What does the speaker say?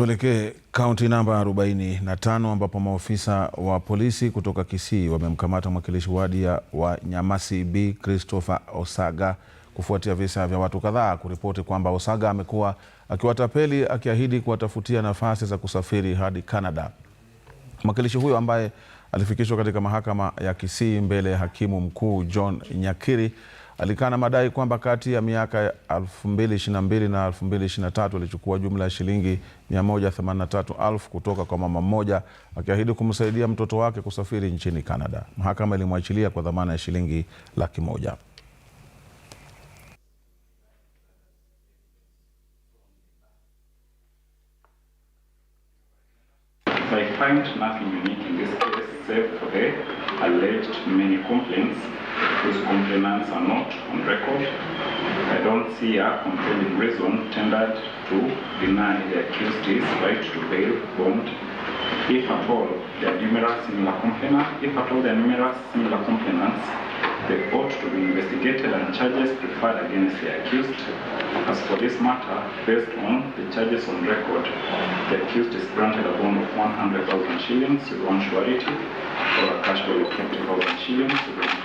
Tuelekee kaunti namba 45 ambapo maofisa wa polisi kutoka Kisii wamemkamata mwakilishi wadi wa Nyamasi B Christopher Osaga kufuatia visa vya watu kadhaa kuripoti kwamba Osaga amekuwa akiwatapeli akiahidi kuwatafutia nafasi za kusafiri hadi Canada. Mwakilishi huyo ambaye alifikishwa katika mahakama ya Kisii mbele ya hakimu mkuu John Nyakiri alikana madai kwamba kati ya miaka 2022 na 2023 alichukua jumla ya shilingi 183,000 kutoka kwa mama mmoja akiahidi kumsaidia mtoto wake kusafiri nchini Canada. Mahakama ilimwachilia kwa dhamana ya shilingi laki moja. I find whose complaints are not on record, I don't see a compelling reason tendered to deny the accused his right to bail bond if at all there are numerous similar complaints, if at all there are numerous similar they ought to be investigated and charges preferred against the accused. As for this matter, based on the charges on record, the accused is granted a bond of 100,000 shillings with one surety or a cash bail of 20,000 shillings with one